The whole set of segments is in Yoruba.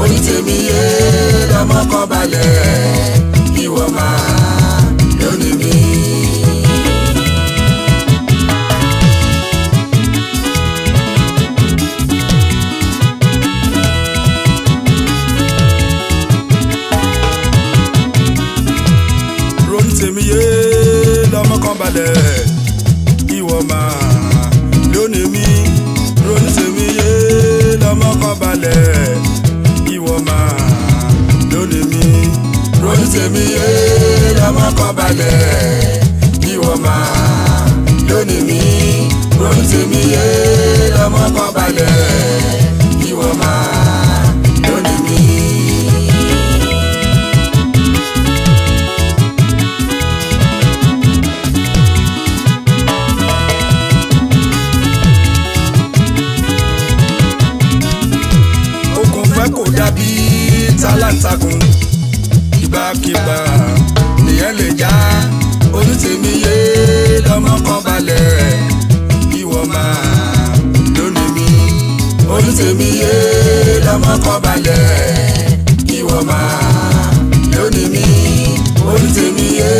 onítèmi yé lọ́mọ kan balẹ̀ ìwọ máa lónìí mi. tèmi yé lọ́mọ kan balẹ̀ ìwọ máa lónìí mi tèmi yéé lọ́mọ kọ́ balẹ̀ bí wọ́n máa lónìí mi lóhùn tèmi yéé lọ́mọ kọ́ balẹ̀ bí wọ́n máa. kọ́kọ́ balẹ̀ kí wọ́n máa lónìí mi orí tèmi yé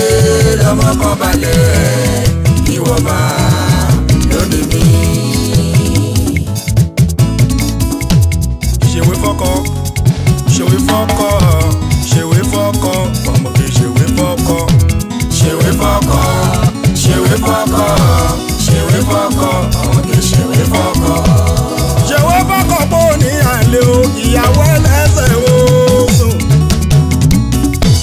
lọ́mọ kọ́ balẹ̀ kí wọ́n máa lónìí mi. ṣèwé fọ́kọ ṣèwé fọ́kọ ṣèwé fọ́kọ ọmọ kì í ṣèwé fọ́kọ ṣèwé fọ́kọ ṣèwé fọ́kọ ṣèwé fọ́kọ ọmọ kì í ṣèwé fọ́kọ. ṣèwé fọ́kọ pọ̀ ní àlè o ìyàwó ẹlẹ́sẹ̀ oògùn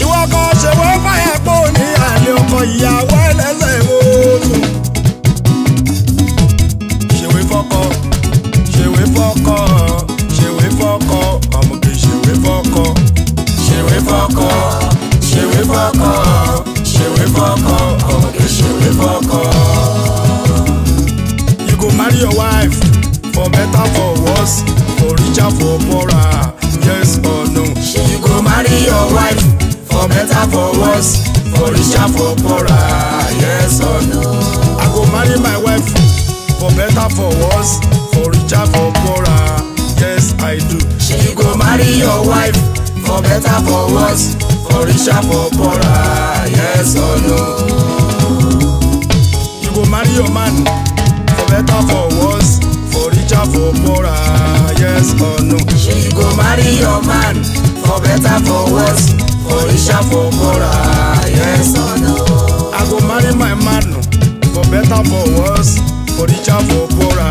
ìwọ kan ṣèwọ fàyà pò ní àlè ọkọ ìyàwó ẹlẹ́sẹ̀ oògùn ṣèwé fọkọ ṣèwé fọkọ ṣèwé fọkọ ọmọge ṣèwé fọkọ ṣèwé fọkọ ṣèwé fọkọ ṣèwé fọkọ ọmọge ṣèwé fọkọ. You go marry your wife for better for worse preacher for poorer, yes or no? You go marry your wife for better for worse, for richer for poorer, yes or no? I go marry my wife for better for worse, for richer for poorer, yes I do. You go marry your wife for better for worse, for richer for poorer, yes or no? You go marry your man for better for worse for poorer, yes or no. She go marry your man for better, for worse, for richer, for poorer, yes or no. I go marry my man for better, for worse, for richer, for poorer,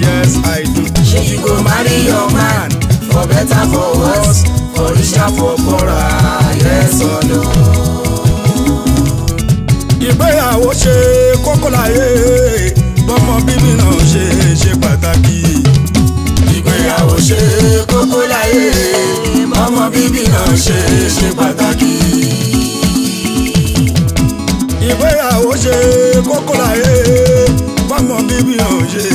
yes I do. She go marry your man for better, for worse, for richer, for poorer, yes or no. Ìgbéyàwó ṣe kókó láyé. ọmọ bíbí náà ṣe ṣe pàtàkì. ìgbéyàwó ṣe kókó láyé fọmọ bíbí náà ṣe.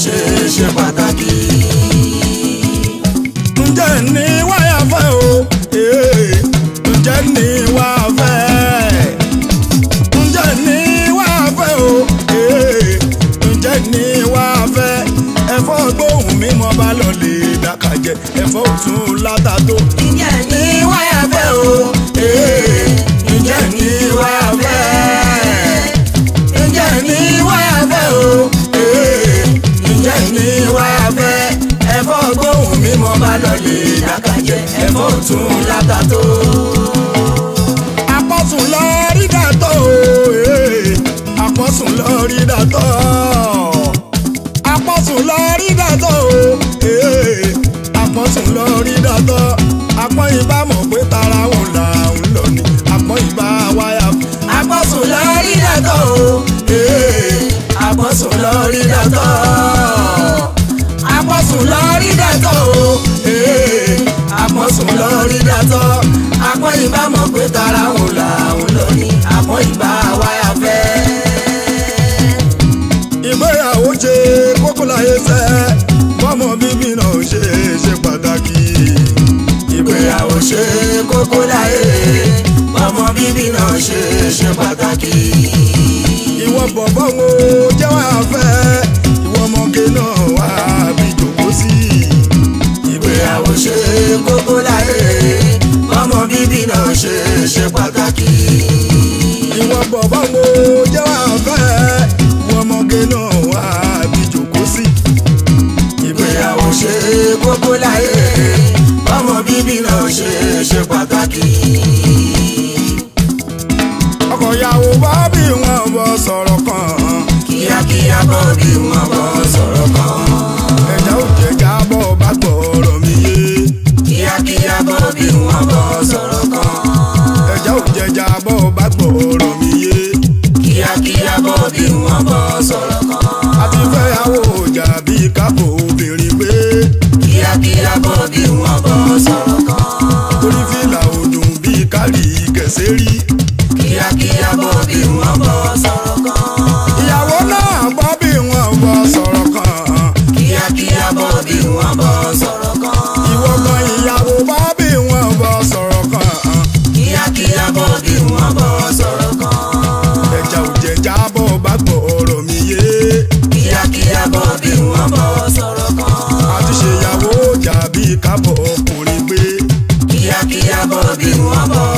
ṣe ṣe pàtàkì. ǹjẹ́ ní wáyà fẹ́ o ǹjẹ́ ní wáyà fẹ́ ǹjẹ́ ní wáyà fẹ́ o ǹjẹ́ ní wáyà fẹ́ ẹ̀fọ́ gbóhùn mímọ́ bá lọ lè dàkàjẹ́ ẹ̀fọ́ òtún látàtó. ǹjẹ́ ní wáyà fẹ́ o. yìí lákàjẹ ẹ̀fọ́ tún látàtó. Eh, àpọ̀sùn lọ rí dàtọ̀ àpọ̀sùn lọ rí dàtọ̀ eh, àpọ̀sùn lọ rí dàtọ̀ àpọ̀sùn lọ rí dàtọ̀. ìbá mọ̀ pé tara òun làwọn lónìí àmọ́ ìbá wa yà fẹ́. ìgbéyàwó ṣe kókó láyé sẹ́ mọ́mọ́ bíbí náà ṣe ṣe pàtàkì. ìgbéyàwó ṣe kókó láyé mọ́mọ́ bíbí náà ṣe ṣe pàtàkì. ìwọ bọ̀bọ̀ wo jẹ́wọ́ àfẹ́. ṣe ṣe pàtàkì. ìwọ bọ̀ báwo jẹ́ wà fẹ́ wọ́n mọ́gé náà wà bí jòkó sí. ìgbéyàwó ṣe kókó láyé báwọn bíbí náà ṣe ṣe pàtàkì. ṣe rí. kíákíá bọ́ bí wọ́n bọ̀ sọ̀rọ̀ kan. ìyàwó náà bọ́ bí wọ́n bọ̀ sọ̀rọ̀ kan. kíákíá bọ́ bí wọ́n bọ̀ sọ̀rọ̀ kan. ìwọ kan ìyàwó bọ́ bí wọ́n bọ̀ sọ̀rọ̀ kan. kíákíá bọ́ bí wọ́n bọ̀ sọ̀rọ̀ kan. ẹja ò jẹjà bọ́ bá gbọ́ mi yé. kíákíá bọ́ bí wọ́n bọ̀ sọ̀rọ̀ kan. àtúnṣe ìyàwó jà bí kábọ̀ ọkùnrin gbé. kíákíá bọ́ bí wọ́n bọ̀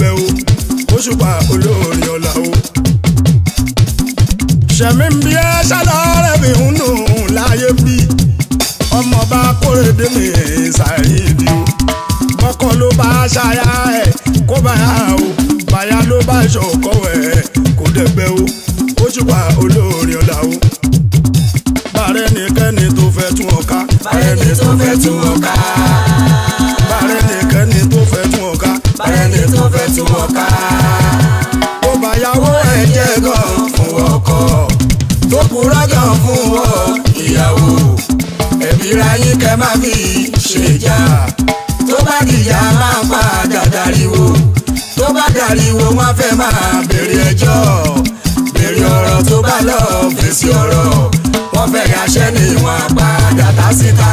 pẹlẹbẹ o Òṣùpá olórin ọlá o. sẹ̀mí ń bí ẹ ṣàlọ́rẹ́ mi ń nù láyé bí ọmọ bá kórèdé mi ṣàìdí o. mọ́kọ́ ló bá ṣaya ẹ̀ kó báyà o báyà ló bá ṣọ̀kọ́ ẹ̀ kó dẹ̀gbẹ́ o Òṣùpá olórin ọlá o. bàrẹ́ nìkẹ́ni tó fẹ́ tún ọ̀ka bàrẹ́ ni tó fẹ́ tún ọ̀ka. pariwo wọ́n fẹ́ máa béèrè ẹjọ́ béèrè ọ̀rọ̀ tó bá lọ fèsì ọ̀rọ̀ wọ́n fẹ́ gàṣẹ́ ni wọ́n padà tá síta.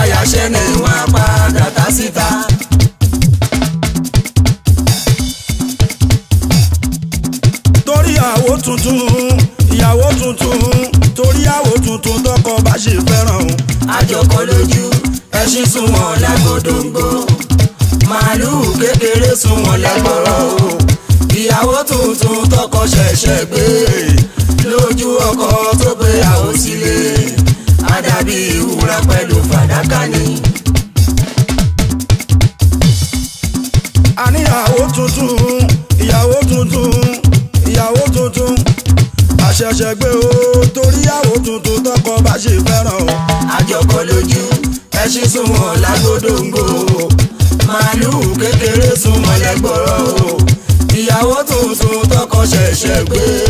àyàṣẹ́ ni wọ́n á pa dàtà síta. torí àwo tuntun ìyàwó tuntun torí àwo tuntun tọkọ bá ṣe fẹ́ràn o. àjọkọ lójú ẹṣin sunwọ̀n lágbódóńgbò màálùú kékeré sunwọ̀n lágbọ̀rọ̀ o ìyàwó tuntun tọkọ ṣẹ̀ṣẹ̀ gbé. bí ìwúra pẹ̀lú fàdákà ni. àníyàwó tuntun ìyàwó tuntun ìyàwó tuntun àṣẹ̀ṣẹ̀ gbé o torí ìyàwó tuntun tọkọ bá ṣe fẹ́ràn o. àjọkọ lójú ẹṣin súnmọ́ lágbódóńgò màálùú kékeré súnmọ́ lẹ́gbọ̀rọ̀ o ìyàwó tuntun tọkọ ṣẹ̀ṣẹ̀ gbé.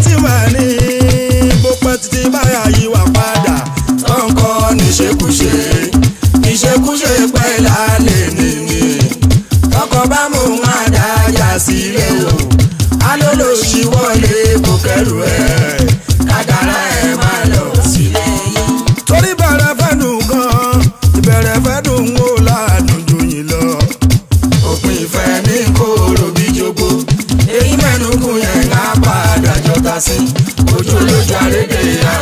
ti wà ní. sí ojú olójú arédèrè náà.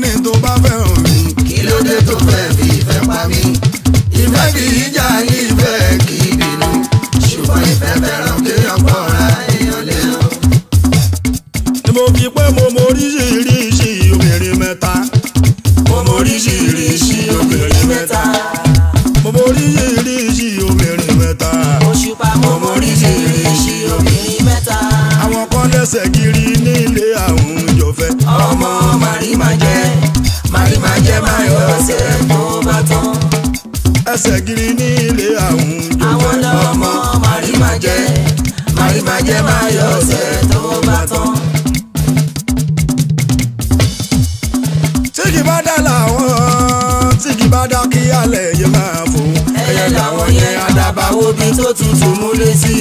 fẹ́ni tó bá fẹ́ hàn mí. kí ló dé tó fẹ́ fi ìfẹ́ pa mí. ìfẹ́ kì í jà ìfẹ́ kì í bínú. ṣùgbọ́n ìfẹ́ fẹ́ràn kéèyàn pọ̀ ra èèyàn lé o. ni mo fi pé mo mọ oríṣiríṣi obìnrin mẹ́ta. mo mọ oríṣiríṣi obìnrin mẹ́ta. mo mọ oríṣiríṣi obìnrin mẹ́ta. Òṣùpá mo mọ oríṣiríṣi obìnrin mẹ́ta. àwọn kan lẹ́sẹ̀ kiri ní ilé. má jẹ́ má yọ ọ̀sẹ̀ tó bá tán. tí kì bá dá làwọn tí kì bá dá kí alẹ̀ yẹn máa fò. ẹyẹ làwọn yẹn adábáwo bí tó tutù múlé sí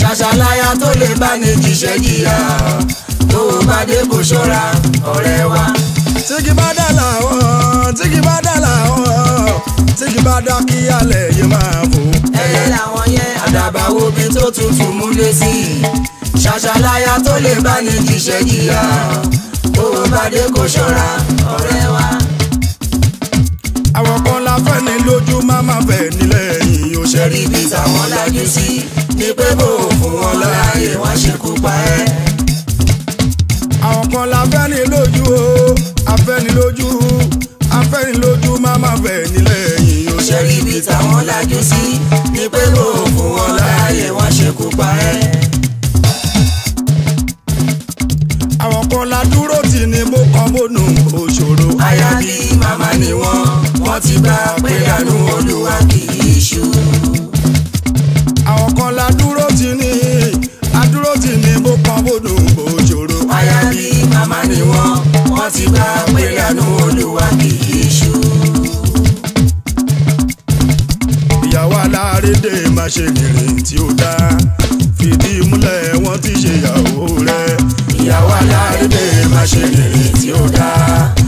ṣàṣàláyà tó lè bá ní jìṣẹ́ jìyà tó o bá dé kò ṣọ́ra ọ̀rẹ́ wa. tí bá dá làwọn tí bá dá làwọn tí bá dá kí alẹ̀ yẹn máa fò. ẹyẹ làwọn padà bá wo bí tó tutù múlé sí i ṣàṣàláyà tó lè bá ní jìṣẹ́ jìyà owó bàdé kò ṣọ́ra ọ̀rẹ́ wa. àwọn kan la fẹ́ ní lójú má má fẹ́ nílẹ̀ yìí ó ṣe rí bí táwọn lajú sí ni pé bò fún wọn láàyè wá ṣekú pa tí ní bó pọn bódò ń bò ṣòro. aya bí màmá ni wọ́n wọ́n ti bá pé lẹ́nu olúwa kì í ṣú. ìyàwó alárédè má ṣe gìrì tí ó dá fìdí múlẹ̀ wọ́n ti ṣèyàwó rẹ̀. ìyàwó alárédè má ṣe gìrì tí ó dá.